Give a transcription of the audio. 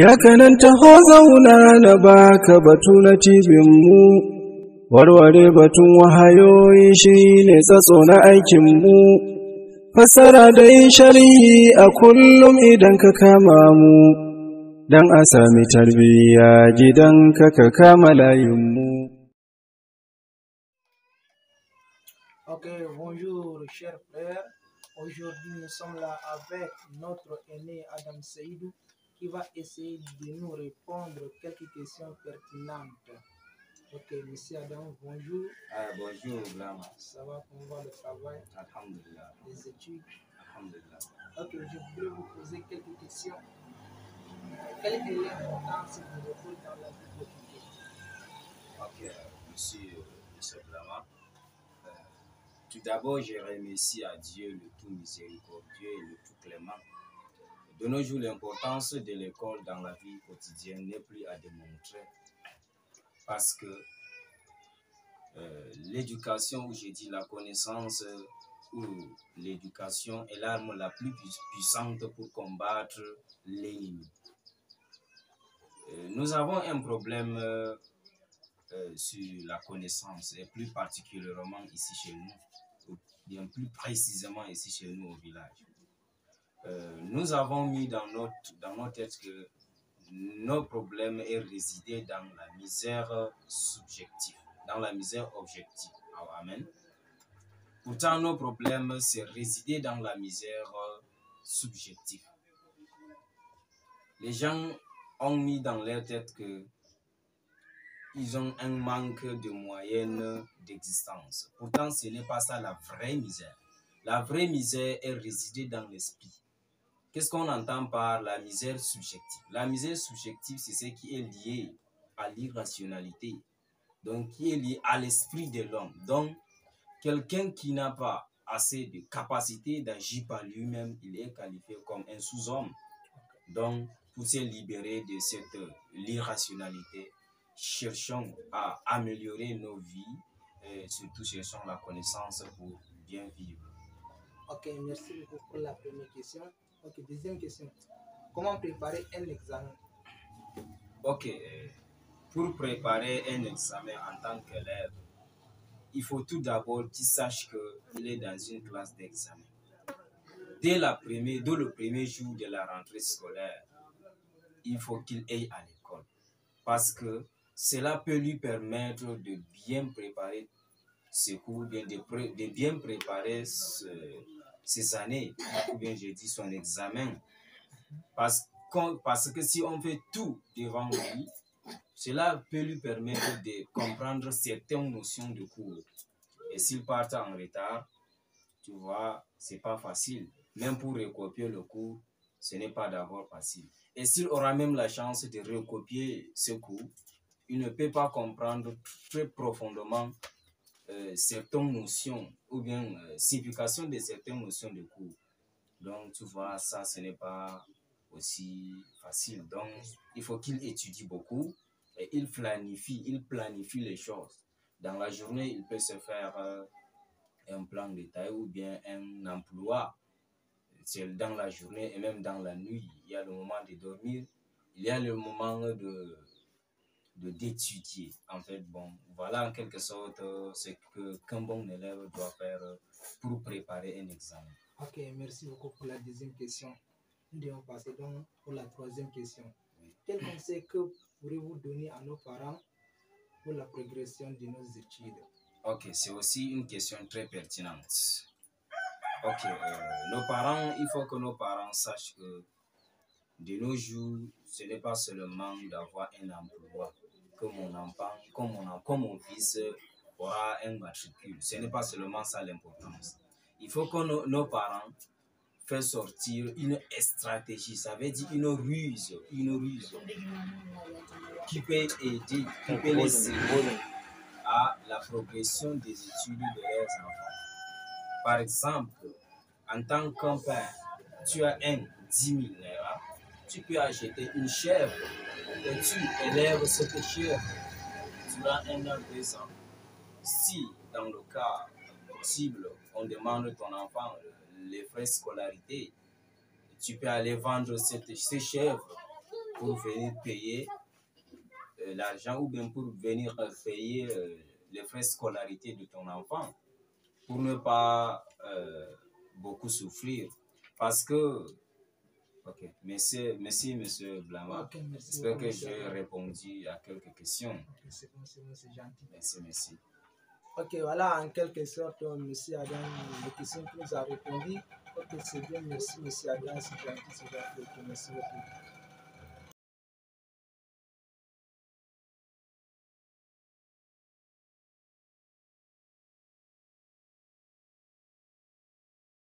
ya kanan taho zauna na baka batu na mu. warware batun wahayoyi shi ne tsatso na aikinmu fassara da yin shari'i a kullum idan ka kama mu don a sami tarbiyya gidan ka ka kama layinmu Adam Seydou qui va essayer de nous répondre quelques questions pertinentes. Ok, monsieur Adam, bonjour. Ah, bonjour, Blama. Ça va, comment va le travail Alhamdulillah. Les études Alhamdulillah. Ok, je voudrais vous poser quelques questions. Quelle est l'importance votre vie dans la vie quotidienne Ok, monsieur, monsieur Blama. Euh, tout d'abord, je remercie à Dieu le tout miséricordieux et le tout clément de nos jours, l'importance de l'école dans la vie quotidienne n'est plus à démontrer parce que euh, l'éducation, ou j'ai dit la connaissance, euh, ou l'éducation est l'arme la plus puissante pour combattre l'ennemi. Euh, nous avons un problème sur la connaissance, et plus particulièrement ici chez nous, ou bien plus précisément ici chez nous au village. Euh, nous avons mis dans notre, dans notre tête que nos problèmes est dans la misère subjective, dans la misère objective. Amen. Pourtant, nos problèmes, c'est résider dans la misère subjective. Les gens ont mis dans leur tête que ils ont un manque de moyens d'existence. Pourtant, ce n'est pas ça la vraie misère. La vraie misère est résidée dans l'esprit. Qu'est-ce qu'on entend par la misère subjective La misère subjective, c'est ce qui est lié à l'irrationalité, donc qui est lié à l'esprit de l'homme. Donc, quelqu'un qui n'a pas assez de capacité d'agir par lui-même, il est qualifié comme un sous-homme. Donc, pour se libérer de cette irrationalité, cherchons à améliorer nos vies, et surtout cherchons la connaissance pour bien vivre. Ok, merci beaucoup pour la première question. Ok, deuxième question. Comment préparer un examen Ok, euh, pour préparer un examen en tant qu'élève, il faut tout d'abord qu'il sache qu'il est dans une classe d'examen. Dès, la première, dès le premier jour de la rentrée scolaire, il faut qu'il aille à l'école. Parce que cela peut lui permettre de bien préparer ses cours, de, bien préparer ce, ces années, ou bien j'ai dit son examen. Parce, parce que si on fait tout devant lui, cela peut lui permettre de comprendre certaines notions de cours. Et s'il part en retard, tu vois, c'est pas facile. Même pour recopier le cours, ce n'est pas d'abord facile. Et s'il aura même la chance de recopier ce cours, il ne peut pas comprendre très profondément euh, certaines notions ou bien euh, s'éducation de certaines notions de cours. Donc, tu vois, ça, ce n'est pas aussi facile. Donc, il faut qu'il étudie beaucoup et il planifie, il planifie les choses. Dans la journée, il peut se faire euh, un plan taille ou bien un emploi. C'est dans la journée et même dans la nuit. Il y a le moment de dormir, il y a le moment de de d'étudier. En fait, bon, voilà en quelque sorte euh, ce que qu'un bon élève doit faire euh, pour préparer un examen. Ok, merci beaucoup pour la deuxième question. Nous devons passer donc pour la troisième question. Quel conseil que pourrez-vous donner à nos parents pour la progression de nos études Ok, c'est aussi une question très pertinente. Ok, euh, nos parents, il faut que nos parents sachent que de nos jours, ce n'est pas seulement d'avoir un emploi, mon enfant, comme mon, comme mon fils aura un matricule. Ce n'est pas seulement ça l'importance. Il faut que nos, nos parents fassent sortir une stratégie, ça veut dire une ruse, une ruse qui peut aider, qui peut les aider à la progression des études de leurs enfants. Par exemple, en tant qu'enfant, tu as un 10 000 tu peux acheter une chèvre et tu élèves ce chèvre durant un an, deux ans. Si, dans le cas possible, on demande à ton enfant les frais de scolarité, tu peux aller vendre cette, ces chèvres pour venir payer euh, l'argent ou bien pour venir euh, payer euh, les frais de scolarité de ton enfant pour ne pas beaucoup souffrir. Parce que Ok, merci, merci Monsieur Blama. J'espère que j'ai répondu à quelques questions. c'est bon, c'est gentil. Merci, merci. Ok, voilà, en quelque sorte, Monsieur Adam, les questions que vous avez répondues. Ok, c'est bien, merci Monsieur Adam, c'est gentil, c'est gentil. merci beaucoup.